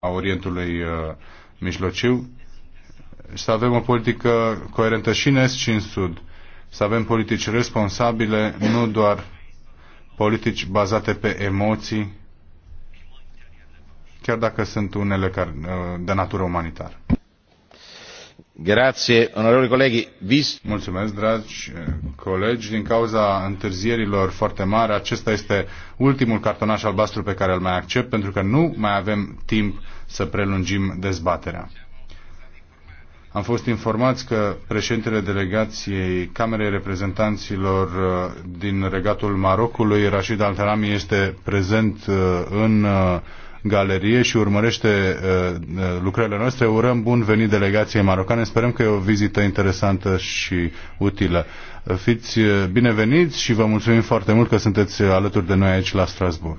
a Orientului uh, Mijlociu să avem o politică coerentă și în Est și în Sud. Să avem politici responsabile, nu doar politici bazate pe emoții, chiar dacă sunt unele uh, de natură umanitară. Mulțumesc, dragi eh, colegi. Din cauza întârzierilor foarte mari, acesta este ultimul cartonaș albastru pe care îl mai accept, pentru că nu mai avem timp să prelungim dezbaterea. Am fost informați că președintele delegației Camerei Reprezentanților eh, din Regatul Marocului, Rashid Al-Tarami, este prezent eh, în galerie și urmărește uh, uh, lucrările noastre. Urăm bun venit delegației marocane. Sperăm că e o vizită interesantă și utilă. Fiți uh, bineveniți și vă mulțumim foarte mult că sunteți alături de noi aici la Strasbourg.